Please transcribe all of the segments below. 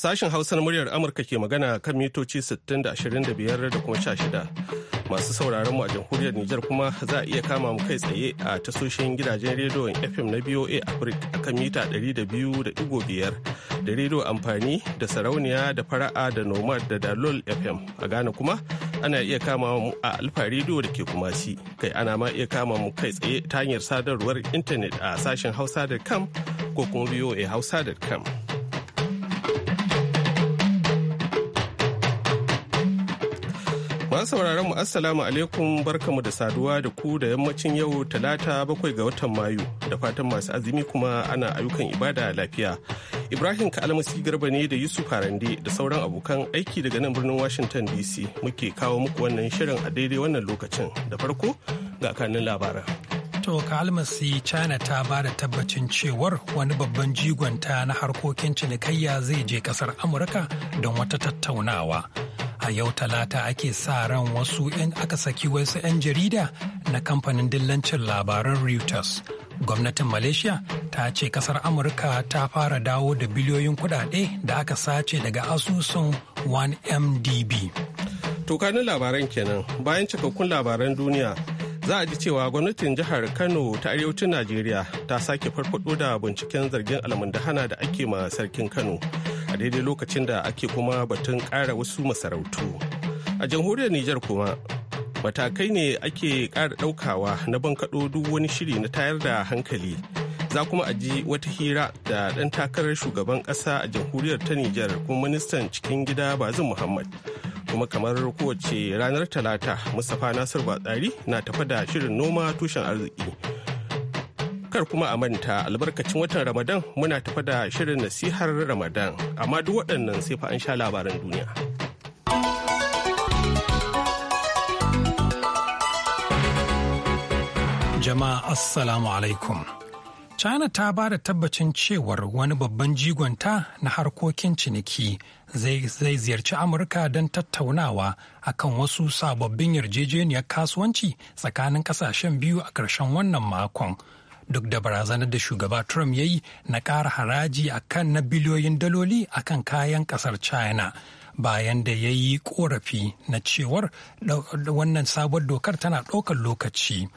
Sashen Hausa muryar Amurka ke magana kan mitoci 60 da 25 da kuma 16. Masu sauraron mu a jamhuriyar Nijar kuma za a iya kama mu kai tsaye a tasoshin gidajen rediyon FM na BOA Africa a kan mita 200.5 da rediyo amfani da sarauniya da fara'a da nomad da dalol FM. A Ghana kuma ana iya kama mu a alfa rediyo da ke ci. kai ana ma iya kama mu kai tsaye ta hanyar sadarwar intanet a sashen hausa.com ko kuma BOA hausa.com. Masu sauraron mu Assalamu alaikum barkamu da saduwa da ku da yammacin yau talata bakwai ga watan Mayu da fatan masu azumi kuma ana ayyukan ibada lafiya. Ibrahim Kalmasi Garba ne da Yusuf Harande da sauran abokan aiki daga nan birnin Washington DC muke kawo muku wannan shirin a daidai wannan lokacin da farko ga kanin labaran. To almasi China ta ba da tabbacin cewar wani babban jigonta na harkokin cinikayya zai je kasar Amurka don wata tattaunawa. a yau talata ake sa ran wasu aka saki wasu 'yan jarida na kamfanin dillancin labaran reuters gwamnatin malaysia ta ce kasar amurka ta fara dawo da biliyoyin kudade da aka sace daga asusun 1mdb tokanin labaran kenan bayan cikakkun labaran duniya za a ji cewa gwamnatin jihar kano ta arewacin najeriya ta sake farfado da binciken zargin almundahana da ake ma sarkin kano a daidai lokacin da ake kuma batun ƙara wasu masarautu a jamhuriyar nijar kuma matakai ne ake ƙara ɗaukawa na bankaɗo duk wani shiri na tayar da hankali za kuma a ji wata hira da ɗan takarar shugaban ƙasa a jamhuriyar ta nijar kuma ministan cikin gida bazin muhammad kuma kamar kowace ranar talata mustapha nasir batsari na tafa da shirin noma tushen arziki kar kuma a manta albarkacin watan ramadan muna tafa da shirin nasihar ramadan amma duk waɗannan sai fa an sha labaran duniya jama'a assalamu alaikum china ta ba da tabbacin cewar wani babban jigonta na harkokin ciniki zai ziyarci amurka don tattaunawa akan wasu sababbin yarjejeniyar kasuwanci tsakanin kasashen biyu a ƙarshen wannan makon duk da barazanar da shugaba Trump ya yi na ƙara haraji a kan na biliyoyin daloli a kan kayan ƙasar China. Bayan da ya yi ƙorafi na cewar wannan sabuwar dokar tana ɗaukar lokaci.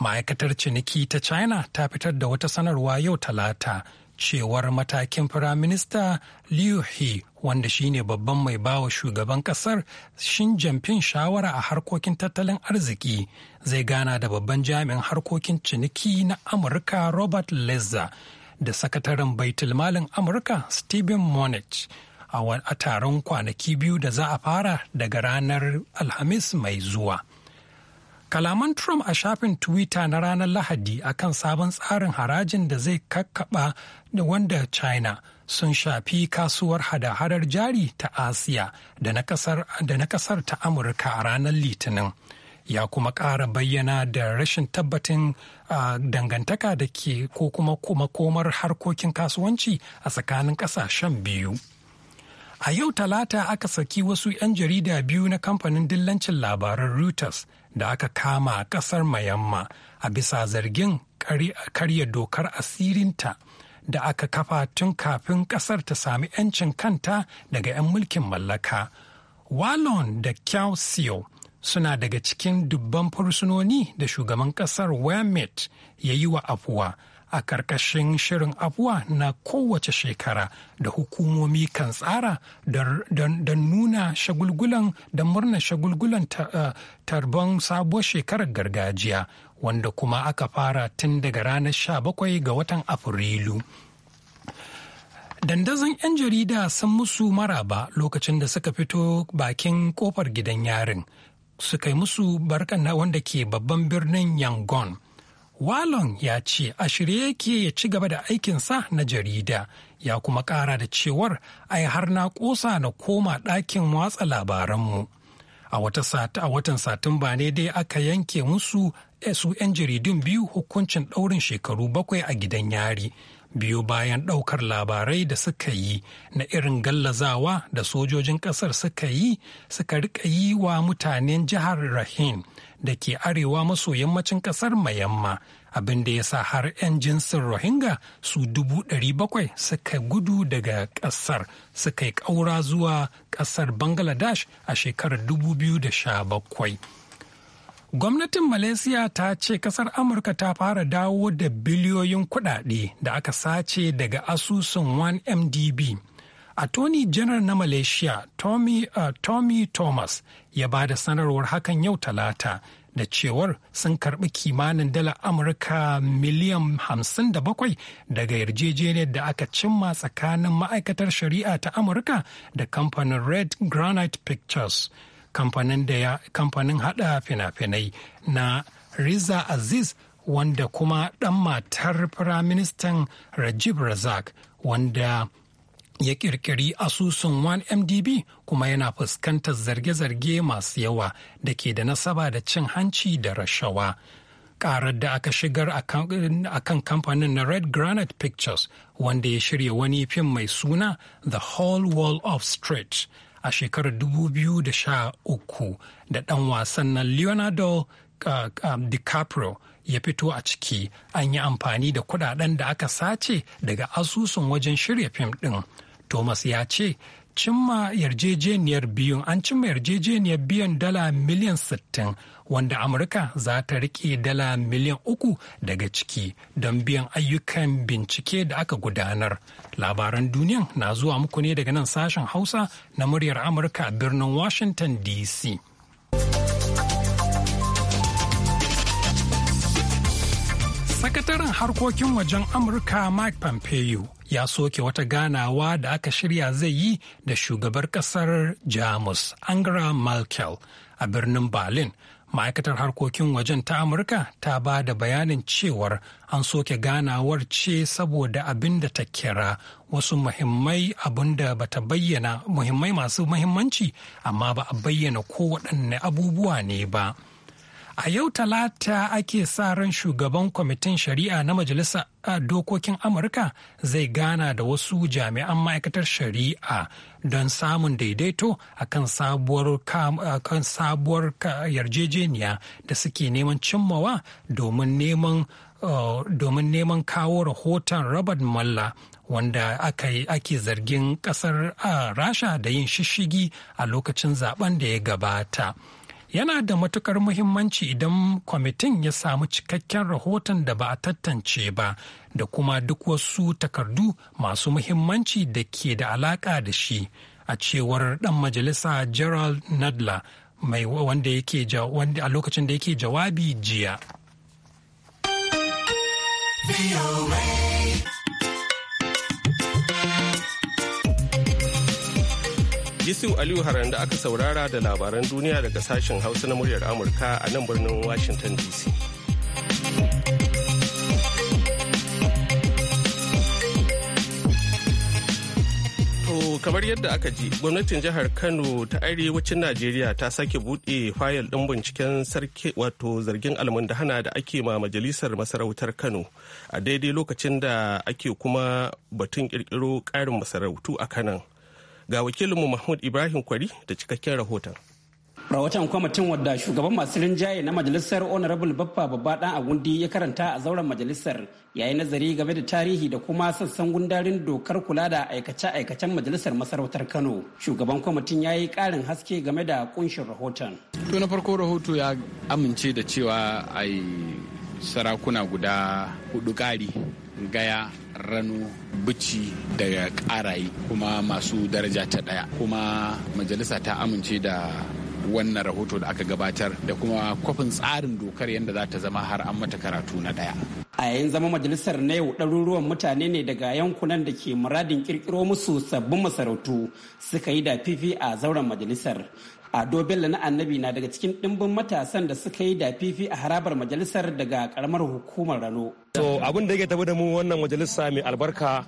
Ma'aikatar ciniki ta China ta fitar da wata sanarwa yau talata. cewar matakin firaminista Liu He wanda shine babban mai bawa shugaban kasar Shin jamfin shawara a harkokin tattalin arziki zai gana da babban jami'in harkokin ciniki na Amurka Robert Lezza da sakataren baitulmalin Amurka Stephen Monich a taron kwanaki biyu da za a fara daga ranar Alhamis mai zuwa. Kalaman Trump a shafin Twitter na ranar Lahadi a kan sabon tsarin harajin da zai kakkaba da wanda China sun shafi kasuwar hada-hadar jari ta Asiya da na kasar ta Amurka a ranar Litinin. Ya kuma ƙara bayyana da rashin tabbatin dangantaka da ke ko kuma komar harkokin kasuwanci a tsakanin ƙasashen biyu. A yau talata aka saki wasu 'yan jarida biyu na kamfanin dillancin labaran Reuters da aka kama a ƙasar Mayamma a bisa zargin karya dokar asirinta da aka kafa tun kafin ƙasar ta sami 'yancin kanta daga 'yan mulkin mallaka. Wallon da Kyausio suna daga cikin dubban fursunoni da shugaban ƙasar Wemit ya yi wa afuwa. a ƙarƙashin shirin abuwa na kowace shekara da hukumomi kan tsara don nuna shagulgulan da murnar shagulgulan eh, tarbon sabuwar shekarar gargajiya wanda kuma aka fara tun daga ranar 17 ga watan afrilu dandazon 'yan jarida sun musu maraba lokacin da suka fito bakin kofar gidan yarin suka yi musu barkan wanda ke babban birnin yangon Wallon ya ce a shirye yake ya ci gaba da aikinsa na jarida ya kuma ƙara da cewar ai har na ƙosa na koma ɗakin watsa labaranmu. A watan Satumba ne dai aka yanke musu eh, su 'yan jaridun biyu hukuncin ɗaurin shekaru bakwai a gidan yari biyu bayan ɗaukar labarai da suka yi na irin gallazawa da sojojin ƙasar suka yi suka riƙa yi wa mutanen jihar rahim da ke arewa maso yammacin ƙasar Mayamma abin da ya sa har 'yan jinsin Rohingya su dubu ɗari bakwai suka gudu daga ƙasar suka yi ƙaura zuwa ƙasar Bangladesh a shekarar 2017. Gwamnatin Malaysia ta ce kasar Amurka ta fara dawo da biliyoyin kudade da aka sace daga asusun 1MDB. a tony General na Malaysia Tommy, uh, Tommy Thomas ya ba da sanarwar hakan yau talata da cewar sun karbi kimanin dala Amurka miliyan 57 daga yarjejeniyar da aka cimma tsakanin ma'aikatar shari'a ta Amurka da kamfanin Red Granite Pictures. kamfanin da hada fina-finai na riza aziz wanda kuma ɗan matar firaministan rajib razak wanda ya ƙirƙiri asusun 1mdb kuma yana fuskantar zarge-zarge masu yawa da ke da nasaba da cin hanci da rashawa karar da aka shigar a kan kamfanin na red granite pictures wanda ya shirya wani fim mai suna the whole wall of street a shekarar 2013 da ɗan wasan nan leonardo uh, um, DiCaprio ya fito a ciki an yi amfani da kudaden da aka sace daga asusun wajen shirya fim ɗin. Thomas ya ce, cimma yarjejeniyar biyun an cimma yarjejeniyar biyan dala miliyan 60 wanda amurka za ta rike dala miliyan uku daga ciki don biyan ayyukan bincike da aka gudanar labaran duniyan na zuwa muku ne daga nan sashen hausa na muryar amurka a birnin washington dc sakataren harkokin wajen amurka mike pompeo ya soke wata ganawa da aka shirya zai yi da shugabar ƙasar jamus angela merkel a birnin berlin ma'aikatar harkokin wajen ta amurka ta ba da bayanin cewar an soke ganawar ce saboda abin da ta kira wasu muhimmai abin da bata bayyana muhimmai masu muhimmanci amma ba a bayyana ko waɗanne abubuwa ne ba. A yau talata ake sa ran shugaban kwamitin shari'a na majalisa a Dokokin Amurka zai gana da wasu jami'an ma'aikatar shari'a don samun daidaito a kan sabuwar yarjejeniya da suke neman cimmawa domin neman domin neman kawo rahoton Robert Mueller wanda ake zargin kasar rasha da yin shishigi a lokacin zaben da ya gabata. yana da matukar muhimmanci idan kwamitin ya samu cikakken rahoton da ba a tattance ba da kuma duk wasu takardu masu muhimmanci da ke da alaka da shi a cewar dan majalisa gerald nadler mai wanda a lokacin da yake jawabi jiya. Yusuf Aliyu Haran da aka saurara da labaran duniya daga sashen Hausa na muryar Amurka a nan birnin Washington DC. kamar yadda aka ji gwamnatin jihar kano ta arewacin najeriya ta sake buɗe fayil ɗin binciken sarki wato zargin almundahana da ake ma majalisar masarautar kano a daidai lokacin da ake kuma batun ƙirƙiro ƙarin masarautu a kanan Ga wakilinmu Mahmud Ibrahim Kwari da cikakken rahoton. rahoton kwamitin wadda shugaban masu rinjaye na majalisar honorable baffa babba dan agundi ya karanta a zauren majalisar ya yi nazari game da tarihi da kuma sassan gundarin dokar kula da aikace-aikacen majalisar masarautar kano shugaban kwamitin ya yi karin haske game da kunshin rahoton to na farko rahoto ya amince da cewa ai sarakuna guda hudu gari gaya rano bici daga karayi kuma masu daraja ta daya kuma majalisa ta amince da wannan rahoto da aka gabatar da kuma kwafin tsarin dokar yadda za ta zama har an mata karatu na daya a yayin zama majalisar na yau ɗaruruwan mutane ne daga yankunan da ke muradin kirkiro musu sabbin masarautu suka yi da fifi a zauren majalisar a bello na annabi na daga cikin ɗimbin matasan da suka yi da fifi a harabar majalisar daga ƙaramar hukumar rano To abin da yake tafi da mu wannan majalisa mai albarka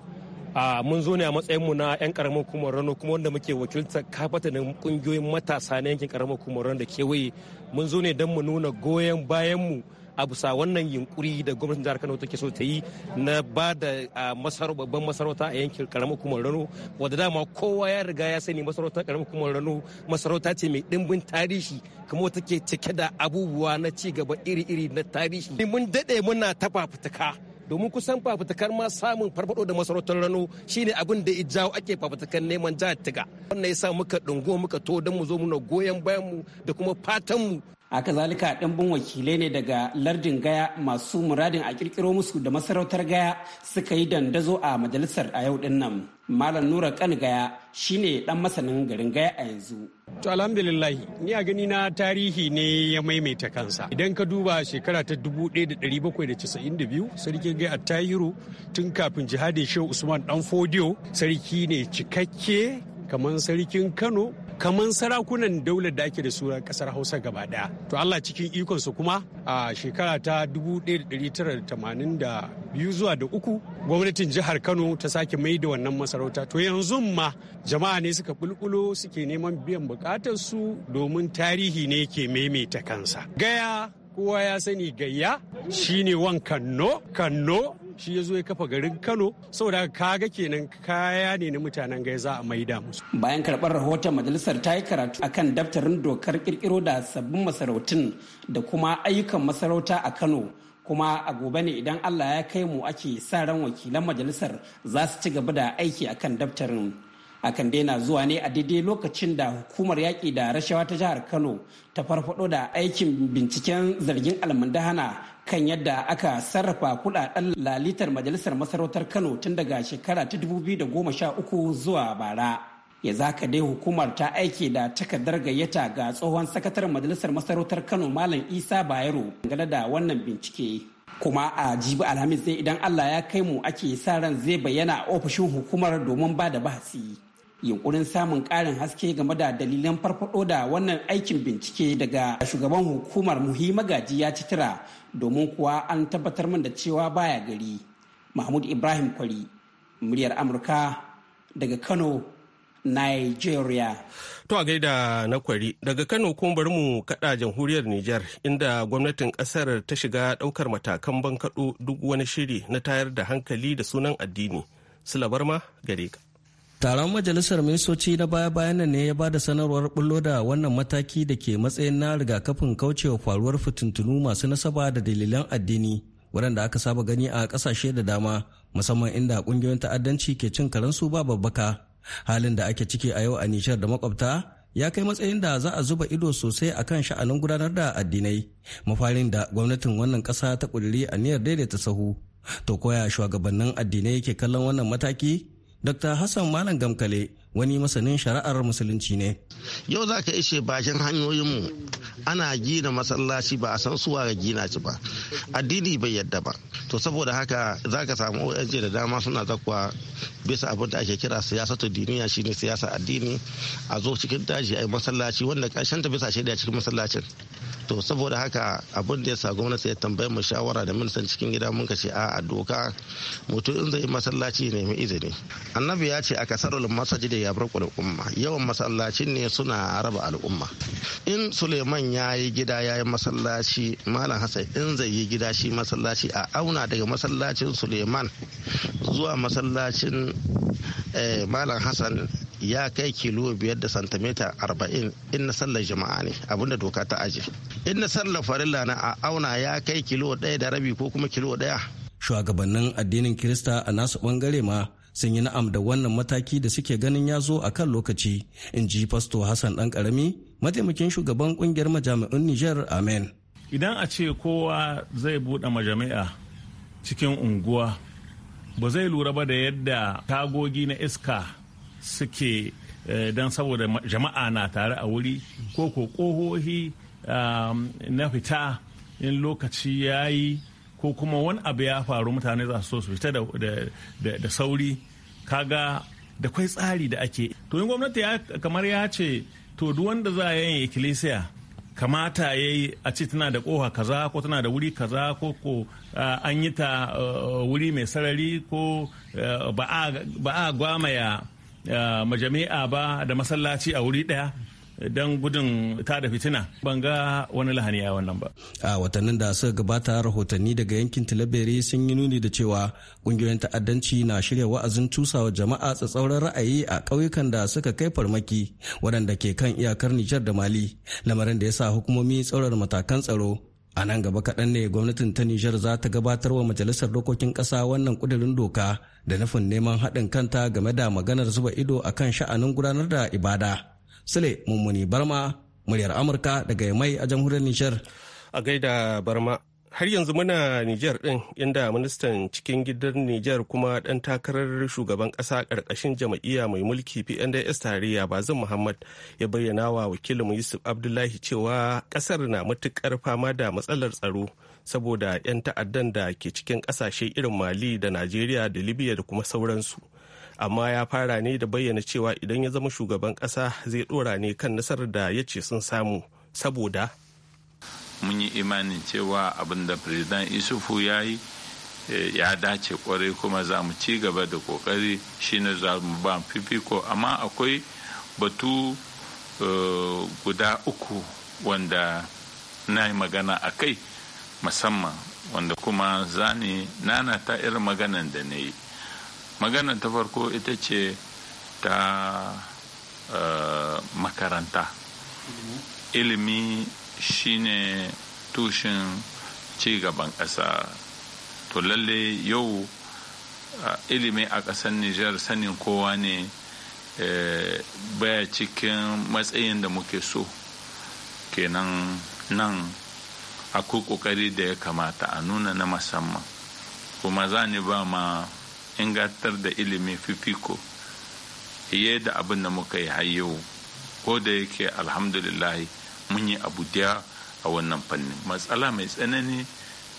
mun zo ne a matsayinmu na 'yan karamar hukumar rano kuma wanda muke wakiltar kafatanin kungiyoyin matasa na yankin karamar hukumar rano da kewaye mun zo ne don mu nuna goyon bayanmu a bisa wannan yunkuri da gwamnatin jihar Kano take so ta yi na ba da babban masarauta a yankin karamar hukumar Rano wanda dama kowa ya riga ya sani masarautar karamar hukumar Rano masarauta ce mai dimbin tarihi kuma take cike da abubuwa na ci gaba iri-iri na tarihi mun dade muna ta fafutuka domin kusan fafutukar ma samun farfado da masarautar rano shine abin da ijawo ake fafutukar neman jihar tiga wannan ya sa muka dungo muka to don mu zo muna goyon bayan mu da kuma fatan mu haka zalika ɗanbin wakilai ne daga lardin gaya masu muradin a ƙirƙiro musu da masarautar gaya suka yi dandazo a majalisar a yau dinnan malam nura kan gaya shine dan masanin garin gaya a yanzu to alhamdulillah ni a gani na tarihi ne ya maimaita kansa idan ka duba shekara ta 1792 sarki gaya tahiru tun kafin jihadin shehu usman dan fodiyo sarki ne cikakke kamar sarkin kano kamar sarakunan daular da ake da su kasar hausa gaba daya to allah cikin ikonsu kuma a shekara ta 1982 zuwa da uku gwamnatin jihar kano ta sake mai da wannan masarauta to yanzu ma jama'a ne suka bulbulo suke neman biyan bukatar su domin tarihi ne ke maimaita kansa gaya kowa ya sani gayya shine wan kanno kanno shi ya zo ya kafa garin kano saboda kaga kenan kaya ne na mutanen gai za a maida musu bayan karɓar rahoton majalisar ta yi karatu akan daftarin dokar kirkiro da sabbin masarautun da kuma ayyukan masarauta a kano kuma a gobe ne idan allah ya kai mu ake sa ran wakilan majalisar za su ci gaba da aiki akan daftarin akan daina zuwa ne a daidai lokacin da hukumar yaƙi da rashawa ta jihar kano ta farfado da aikin binciken zargin almundahana kan yadda aka sarrafa kudaden lalitar majalisar masarautar kano tun daga shekara ta dubu biyu da goma sha uku zuwa bara ya zaka dai hukumar ta aiki da takardar gayyata ga tsohon sakataren majalisar masarautar kano malam isa bayero dangane da wannan bincike kuma a jibi alhamis ne idan allah ya kai mu ake sa ran zai bayyana a ofishin hukumar domin ba da bahasi yunkurin samun karin haske game da dalilan farfado da wannan aikin bincike daga shugaban hukumar muhi magaji ya citira domin kuwa an tabbatar min da cewa baya gari mahmud ibrahim kwari muryar amurka daga kano Nigeria. To a gaida na kwari daga Kano kuma bari mu kada jamhuriyar Nijar inda gwamnatin kasar ta shiga daukar matakan bankaɗo duk wani shiri na tayar da hankali da sunan addini. Silabar ma gare ka. Taron majalisar ministoci na baya-bayan nan ne ya ba da sanarwar bullo da wannan mataki da ke matsayin na rigakafin kaucewa faruwar fitintunu masu nasaba da dalilan addini waɗanda aka saba gani a ƙasashe da dama musamman inda ƙungiyoyin ta'addanci ke cin karensu ba babbaka. Halin da ake ciki a yau a Nishar da makwabta ya kai matsayin da za a zuba ido sosai a kan sha'anin gudanar da addinai mafarin da gwamnatin wannan ƙasa ta a niyyar daidaita sahu. To koya shugabannin addinai ke kallon wannan mataki? Dr. Hassan Malam Gamkale wani masanin shari'ar musulunci ne. Yau za ka ishe bakin hanyoyinmu ana gina masallaci ba a san suwa ga gina shi ba. Addini bai yadda ba. To saboda haka za ka samu ONG da dama suna zakwa bisa abin da ake kira siyasatu duniya shi ne siyasa addini a zo cikin daji a yi masallaci wanda ƙarshen ta bisa shaida cikin masallacin. to saboda haka abin da ya sa gwamnati ya tambaye mu shawara da san cikin gida mun kace a doka mutum in zai yi masallaci ne mai izini annabi ya ce a kasarul masajid ya farko da umma yawan masallacin ne suna raba al'umma in suleiman ya yi gida ya yi masallaci malam hassan in zai yi gida shi masallaci a auna daga masallacin suleiman zuwa masallacin eh, malam hassan ya kai kilo biyar da santimita arba'in in na sallar jama'a ne abinda doka ta aje in na sallar farilla na a auna ya kai kilo ɗaya da rabi ko kuma kilo ɗaya shugabannin addinin kirista a nasu bangare ma sun yi na'am da wannan mataki da suke ganin ya zo a kan lokaci in ji fasto hassan dan karami mataimakin shugaban kungiyar majami'un niger amen idan a ce kowa zai buɗe majami'a cikin unguwa ba zai lura ba da yadda tagogi na iska suke eh, don saboda jama'a na tare a wuri ko ko ƙohohi eh, na fita in lokaci ya yi ko kuma wani abu ya faru mutane za su so su fita da sauri kaga da kwai tsari da ake to yin gwamnati kamar ya ce to duk wanda za a yi ikkilisiya kamata ya yi a ce tana da koha kaza ko tana da wuri kaza ko ko an yi ta wuri mai sarari ko ba a gwamaya majami'a ba da masallaci a wuri daya don gudun tada fitina ban ga wani lahani a wannan ba. A watannin da suka gabata rahotanni daga yankin Tilaberi sun yi nuni da cewa kungiyoyin ta'addanci na shirya wa'azin tusawa jama'a tsatsauran ra'ayi a ƙauyukan da suka kai farmaki waɗanda ke kan iyakar Nijar da Mali lamarin da ya sa hukumomi tsaurar matakan tsaro a nan gaba kaɗan ne gwamnatin ta Nijar za ta gabatar wa majalisar dokokin ƙasa wannan ƙudurin doka da nufin neman haɗin kanta game da maganar zuba ido akan sha'anin gudanar da ibada. Sule Mummuni Barma, muryar Amurka daga mai a jamhuriyar Nijar. A gaida Barma, har yanzu muna Nijar ɗin inda ministan cikin gidan Nijar kuma ɗan takarar shugaban ƙasa ƙarƙashin jam'iyya mai mulki PNDS tarayya Bazin Muhammad ya bayyana wa wakilin Yusuf Abdullahi cewa ƙasar na matuƙar fama da matsalar tsaro saboda 'yan ta'addan da ke cikin ƙasashe irin Mali da Najeriya da Libya da kuma sauransu. amma ya fara ne da bayyana cewa idan ya zama shugaban kasa zai ɗora ne kan nasarar da ya ce sun samu saboda mun yi imanin cewa abin da firidan isufu ya yi eh, ya dace kwarai kuma za mu ci gaba da kokari shine za mu ba fifiko amma akwai batu eh, guda uku wanda na yi magana a kai musamman wanda kuma zani nana ta irin maganan da na yi magana ta farko ita ce ta eh, makaranta ilimi shine tushen gaban ƙasa to lalle yau ilimi a ƙasar nijar sanin kowa ne eh, baya cikin matsayin da muke so kenan nan akwai ƙoƙari da ya kamata a nuna na musamman kuma za ni ba ma ingantar da ilimin fifiko fiye da abin da muka yi hayo ko da yake alhamdulillah mun yi abu da a wannan fanni matsala mai tsanani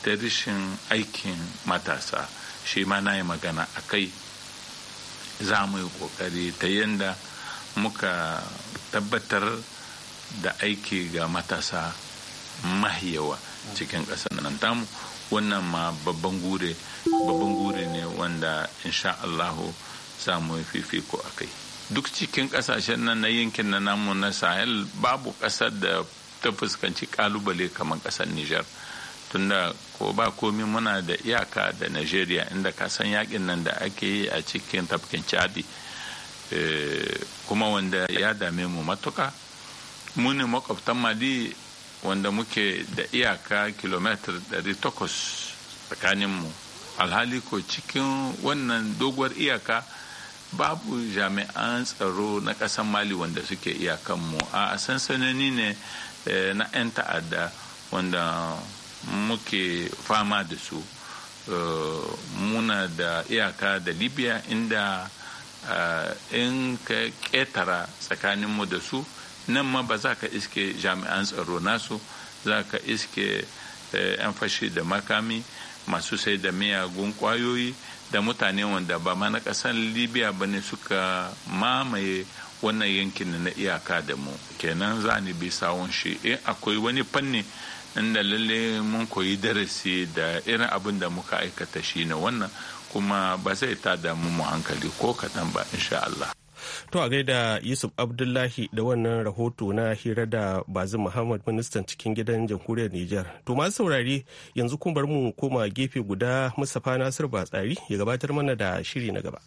ta rashin aikin matasa shi ma na yi magana a kai za mu yi kokari ta yadda muka tabbatar da aiki ga matasa mahiyawa cikin ƙasar nan tamu wannan ma babban gure babban gure ne wanda insha Allahu za mu fifiko a kai duk cikin ƙasashen nan na yankin na namu na sahel babu ƙasar da ta fuskanci kalubale kamar ƙasar Nijar tunda ko ba komi muna da iyaka da Najeriya inda ka san yakin nan da ake yi a cikin tafkin Chadi eh, kuma wanda ya dame mu matuka muni makwabtan Mali wanda muke da iyaka kilometer 800 tsakaninmu alhali ko cikin wannan doguwar iyaka babu jami'an tsaro na ƙasar mali wanda suke iyakanmu a sansanoni ne eh, na 'yan ta'adda wanda muke fama da su eh, muna da iyaka da libya inda eh, in ka ƙetara tsakaninmu da su nan ma ba za ka iske jami'an tsaro nasu za ka iske 'yan eh, fashi da makami masu sai da miyagun kwayoyi da mutane wanda ba ma na ƙasar libya ba ne suka mamaye wannan yankin na iyaka da mu kenan za ni bi sawon shi in eh, akwai wani fanni inda lalle mun koyi darasi da irin abin da muka aikata shi na wannan kuma ba zai ta damu mu hankali ko kaɗan ba insha Allah. To a gaida Yusuf Abdullahi da wannan rahoto na hira da Bazin Muhammad ministan cikin gidan jamhuriyar Nijar. To masu saurari yanzu kun bar mu koma gefe guda Mustapha Nasir Batsari ya gabatar mana da shiri na gaba.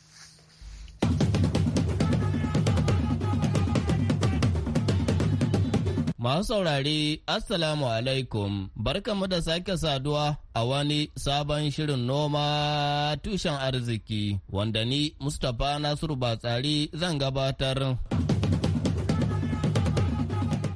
Masu saurari, Assalamu alaikum, barkanmu da sake saduwa a wani sabon shirin noma tushen arziki, wanda ni Mustapha Nasiru Batsari zan gabatar.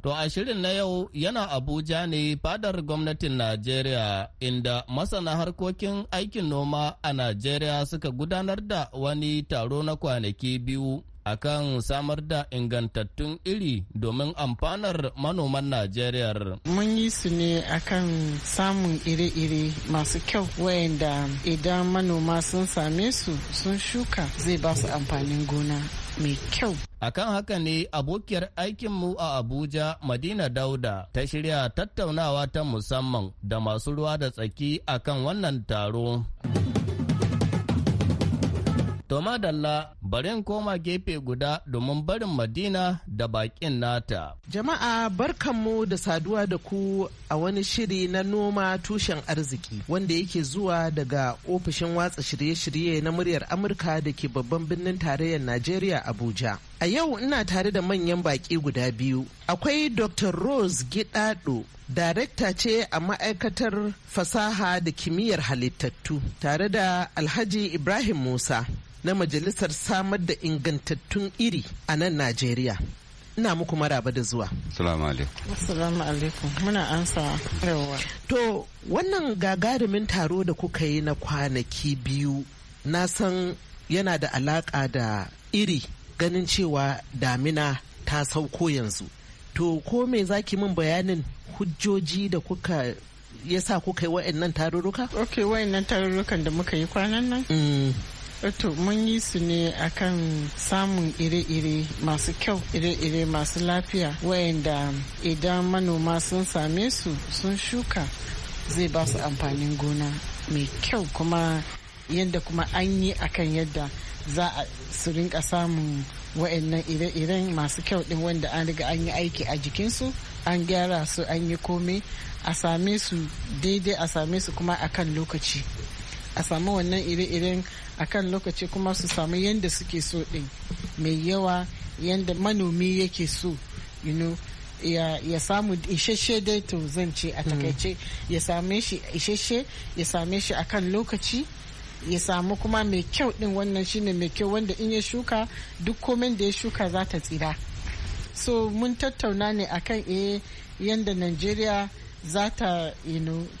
To a shirin na yau yana Abuja ne fadar gwamnatin Najeriya inda masana harkokin aikin noma a Najeriya suka gudanar da wani taro na kwanaki biyu akan samar da ingantattun iri domin amfanar manoman Najeriya. Mun yi su ne akan samun iri-iri masu kyau wayanda idan manoma sun same su sun shuka zai ba su amfanin gona mai kyau. Akan haka ne abokiyar aikinmu a Abuja Madina Dauda ta shirya tattaunawa ta musamman da masu ruwa da tsaki akan wannan taro. To madalla bari in koma gefe guda domin barin Madina da bakin nata. Jama'a barkanmu da saduwa da ku a wani shiri na noma tushen arziki wanda yake zuwa daga ofishin watsa shirye-shirye na muryar Amurka da ke babban birnin tarayyar Najeriya Abuja. A yau ina tare da manyan baƙi guda biyu. Akwai Dr. Rose Gidado, darekta ce a ma'aikatar fasaha da kimiyyar halittattu, tare da Alhaji Ibrahim Musa na Majalisar Samar da Ingantattun Iri a nan Najeriya. ina muku maraba da zuwa. Salamu alaikum. Assalamu alaikum. Muna ansa yawa. To wannan gagarumin taro da kuka yi na kwanaki biyu na san yana da alaƙa da iri ganin cewa damina ta sauko yanzu to ko me zaki min bayanin hujjoji da kuka ya sa kuka yi wa'annan tarurruka? ok wa'annan tarurrukan da muka yi kwanan nan? Mm. to mun yi su ne akan samun ire-ire masu kyau ire-ire masu lafiya wa'anda idan manoma sun same su sun shuka zai ba su amfanin gona mai kyau kuma yadda kuma an yi akan yadda za a su rinka samun wa'annan ire-iren masu kyau din wanda an riga an yi aiki a jikinsu an gyara su an yi komai a same su daidai a same su kuma a kan lokaci a samu wannan ire-iren a kan lokaci kuma su samu yadda suke so din mai yawa yadda manomi yake so you ya, samu isheshe dai to zan ce a hmm. takaice ya same shi isheshe ya same shi a kan lokaci ya samu kuma mai kyau din wannan shine mai kyau wanda in ya shuka duk komen da ya shuka za ta tsira so mun tattauna ne akan eh yadda Nigeria za ta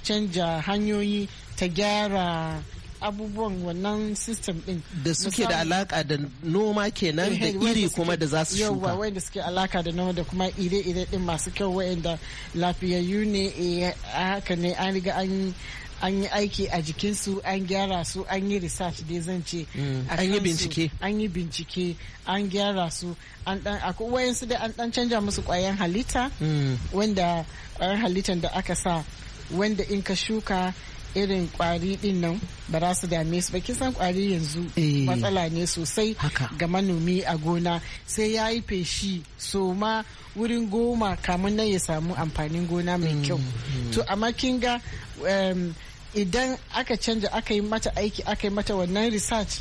canja hanyoyi ta gyara abubuwan wannan system din da suke da alaka da noma kenan da eh, iri kuma da za su shuka yawa wanda suke alaka da noma da kuma ire-ire din masu kyau wayanda lafiyayyu ne a eh, haka ne an riga an an yi aiki a jikinsu an gyara su an yi research dai zan ce mm. an yi bincike an yi bincike an gyara su an dan akwai su da an dan canja musu kwayan halitta mm. wanda kwayan halittan da aka sa wanda in ka shuka irin kwari din nan ba za su dame su ba kisan kwari yanzu eh. matsala ne sosai ga manomi a gona sai ya yi feshi so ma wurin goma kamun nan ya samu amfanin gona mai mm, kyau mm. to amma kin ga idan aka canja aka yi mata aiki aka yi mata wannan research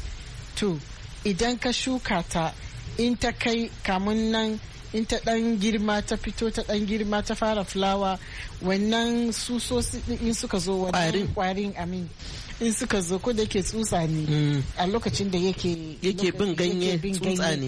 to idan ka shuka ta in ta kai kamun nan in ta dan girma ta fito ta dan girma ta fara fulawa wannan susosi in suka zo wannan kwarin amin in suka zo ko da yake tsutsa ne mm. a lokacin da yake yake bin ganye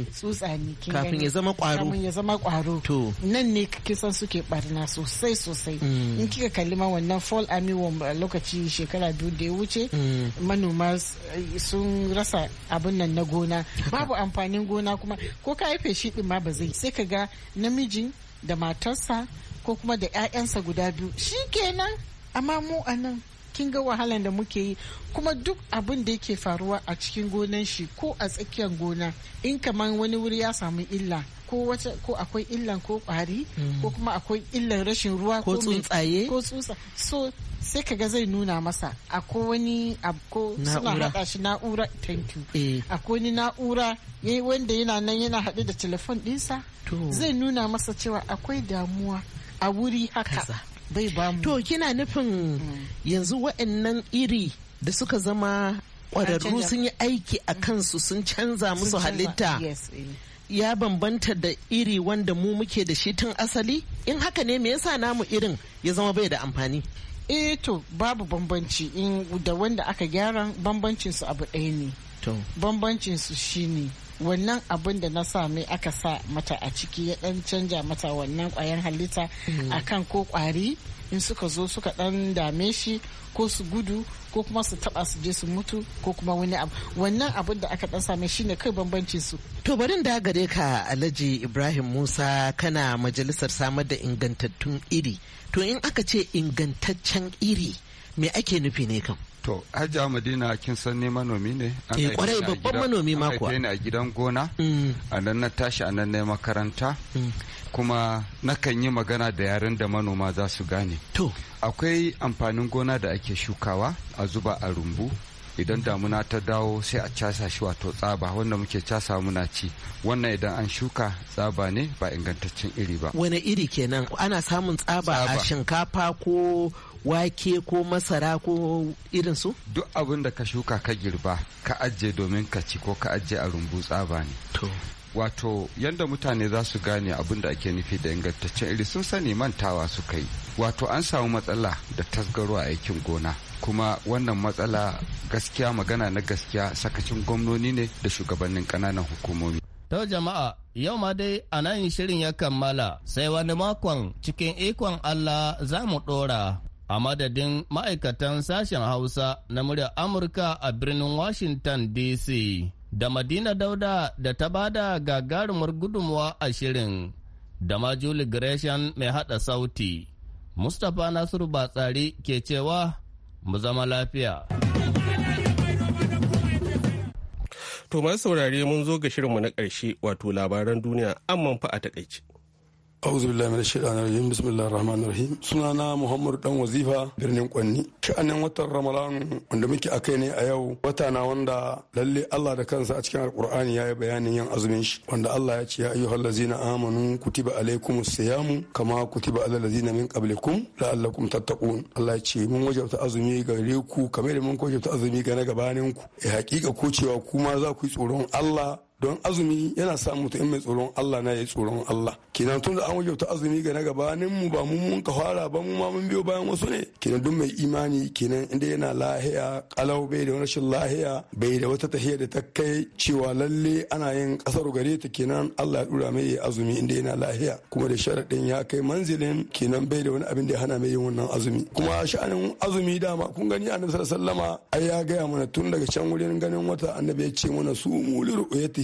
tsutsa ne kafin ya zama kwaro kafin ya zama kwaro to nan ne kisan suke barna sosai sosai mm. in kika kalli ma wannan fall army a lokaci shekara biyu da ya wuce mm. manoma eh, sun rasa abin nan na gona babu amfanin gona kuma ko ka haife shi din ma ba zai sai ka ga namiji da matarsa ko kuma da 'ya'yansa guda biyu shi kenan amma mu a nan kin ga wahalan da muke yi kuma duk abin da yake faruwa a cikin gonan shi ko a tsakiyar gona in kamar wani wuri ya samu illa ko wata ko akwai illan ko kwari mm. ko kuma akwai illan rashin ruwa ko tsuntsaye ko tsutsa so sai kaga zai nuna masa akwai wani ko suna hada shi na'ura thank you eh. akwai wani na'ura wanda yana nan yana hade da telefon dinsa zai nuna masa cewa akwai damuwa a wuri haka bai ba mu to kina nufin yanzu waɗannan iri da suka zama Kwararru sun yi aiki a kansu sun canza musu halitta eh. ya bambanta da iri wanda mu muke da shi tun asali in haka ne me yasa namu irin ya zama bai da amfani eh to babu bambanci in da wanda aka gyara bambancin abu ɗaya ne bambancin su shine wannan abin da na same aka sa mata a ciki ya dan canja mata wannan kwayan halitta hmm. A kan ko kwari in suka zo suka dan dame shi ko su gudu ko kuma su taba su je su mutu ko kuma wani abu wannan abin da aka dan same shine kai bambancin su to barin da gare ka Alhaji Ibrahim Musa kana majalisar samar da ingantattun iri to in aka ce ingantaccen iri me ake nufi ne kam To, Hajji Madina kin san ne manomi ne? Eh, kwarai babban manomi ma kuwa. Ana a gidan gona, mm. a nan na tashi a nan na makaranta, mm. kuma nakan yi magana da yaren da manoma za su gane. To. Akwai amfanin gona da ake shukawa a zuba a rumbu, idan damuna ta dawo sai a casa shi wato tsaba wanda muke casa muna ci wannan idan an shuka tsaba ne ba ingantaccen iri ba wani iri kenan ana samun tsaba a shinkafa ko wake ko masara ko irin duk abin da ka shuka ka girba ka ajiye domin ka ci ko ka ajiye a rumbu tsaba ne to wato yadda mutane za su gane abin da ake nufi da ingantaccen iri sun sani mantawa suka yi wato an samu matsala da tasgaro a aikin gona kuma wannan matsala gaskiya magana na gaskiya sakacin gwamnoni ne da shugabannin ƙananan hukumomi To jama'a yau ma dai a nan shirin ya kammala sai wani makon cikin ikon Allah za mu ɗora a madadin ma'aikatan sashen Hausa na muryar Amurka a birnin Washington DC da Madina Dauda da ta bada gagarumar gudunmuwa a shirin da ma Julie Gresham mai haɗa sauti. Mustapha Nasiru Batsari ke cewa mu zama lafiya. To masu saurare mun zo ga shirinmu na ƙarshe wato labaran duniya amman fa a taƙaice auzu billahi minash shaitani rajim bismillahir rahmanir rahim sunana muhammadu dan wazifa birnin kwanni sha'anin watan ramadan wanda muke a kai ne a yau wata na wanda lalle Allah da kansa a cikin ya yi bayanin yan azumin shi wanda Allah ya ce ya ayyuhal ladzina amanu kutiba alaikumus siyamu kama kutiba alal ladzina min qablikum la'allakum tattaqun Allah ya ce mun wajabta azumi gare ku kamar da mun wajabta azumi ga na gabanin ku eh hakika ko cewa kuma za ku yi tsoron Allah don azumi yana sa mutum mai tsoron Allah na ya yi tsoron Allah Kinan tun da an wajabta azumi ga na gabanin mu ba mu mun ka fara ba mu ma mun biyo bayan wasu ne Kinan duk mai imani kinan inda yana lahiya kalau bai da rashin lahiya bai da wata tahiyar da ta kai cewa lalle ana yin kasar gare ta kinan Allah ya dura mai azumi inda yana lahiya kuma da sharadin ya kai manzilin kinan bai da wani abin da ya hana mai yin wannan azumi kuma sha'anin azumi dama kun gani annabi sallallahu alaihi wasallama ai ya gaya mana tun daga can wurin ganin wata annabi ya ce mana su mu li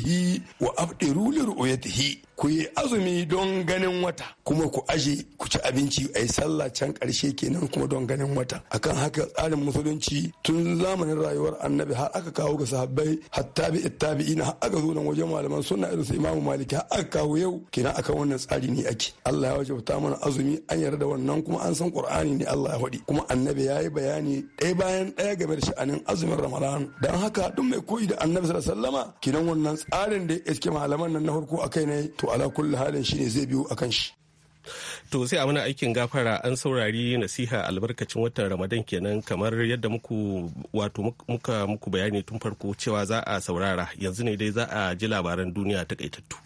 siyamihi wa abdiru li ru'yatihi ku yi azumi don ganin wata kuma ku aje ku ci abinci a yi sallah can karshe kenan kuma don ganin wata akan haka tsarin musulunci tun zamanin rayuwar annabi har aka kawo ga sahabbai hatta bi ittabi'ina har aka zo nan wajen malaman sunna irin su imamu maliki har aka kawo yau kenan akan wannan tsari ne ake Allah ya ta mana azumi an yarda da wannan kuma an san qur'ani ne Allah ya faɗi kuma annabi ya yi bayani ɗaya bayan ɗaya game da sha'anin azumin ramadan don haka duk mai koyi da annabi sallallahu alaihi wasallama kenan wannan tsarin da iske malaman nan na farko akai ne to ala kulli halin shine zai biyo akan shi To sai a muna aikin gafara an saurari nasiha albarkacin watan Ramadan kenan kamar yadda muku wato muka muku bayani tun farko cewa za a saurara yanzu ne dai za a ji labaran duniya takaitattu.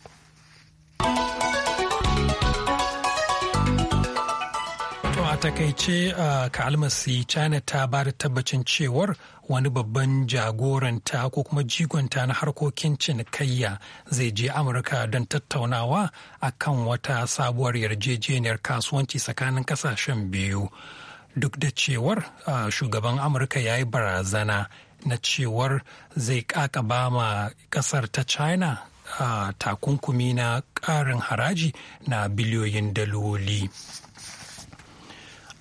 takaice a kalmasi china ta ba da tabbacin cewar wani babban jagoranta ko kuma jigonta na harkokin cinikayya zai je amurka don tattaunawa a kan wata sabuwar yarjejeniyar kasuwanci tsakanin kasashen biyu duk da cewar shugaban amurka ya yi barazana na cewar zai kakaba ma kasar ta china takunkumi na karin haraji na biliyoyin daloli.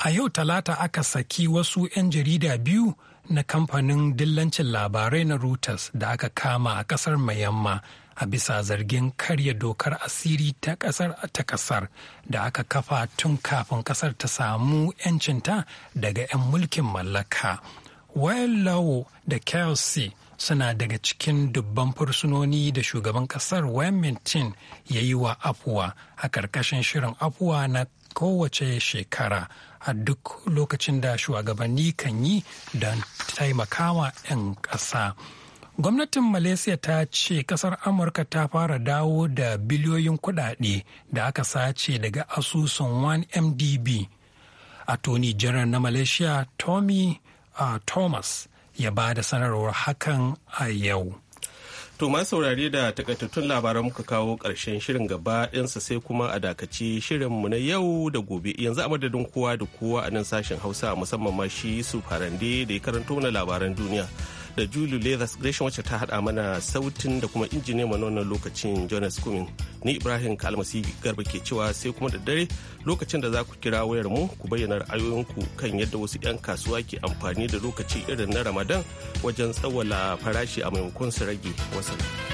a yau talata aka saki wasu 'yan jarida biyu na kamfanin dillancin labarai na reuters da aka kama a kasar mayamma a bisa zargin karya dokar asiri ta kasar ta kasar da aka kafa tun kafin kasar ta samu 'yancinta daga 'yan mulkin mallaka wayan da kelsey suna daga cikin dubban fursunoni da shugaban kasar Wellington ya yi wa afuwa a ƙarƙashin shirin afuwa na kowace shekara a duk lokacin da shugabanni kan yi don taimakawa 'yan ƙasa. Gwamnatin Malaysia ta ce kasar Amurka ta fara dawo da biliyoyin kuɗaɗe da aka sace daga asusun 1MDB. Attorney General na Malaysia Tommy uh, Thomas ya ba da sanarwar hakan a yau. To ma saurari da takaitattun labaran muka kawo ƙarshen shirin gaba ɗinsa sai kuma a dakaci shirinmu na yau da gobe yanzu a madadin kowa da kowa a nan sashen hausa musamman ma shi su farande da ya karanto na labaran duniya. da Julie Leathers Gresham wacce ta haɗa mana sautin da kuma injiniya ma wannan lokacin Jonas Kumin. Ni Ibrahim Kalmasi Garba ke cewa sai kuma da dare lokacin da za ku kira wayar mu ku bayyana ra'ayoyinku kan yadda wasu 'yan kasuwa ke amfani da lokaci irin na Ramadan wajen tsawala farashi a maimakon su rage wasu.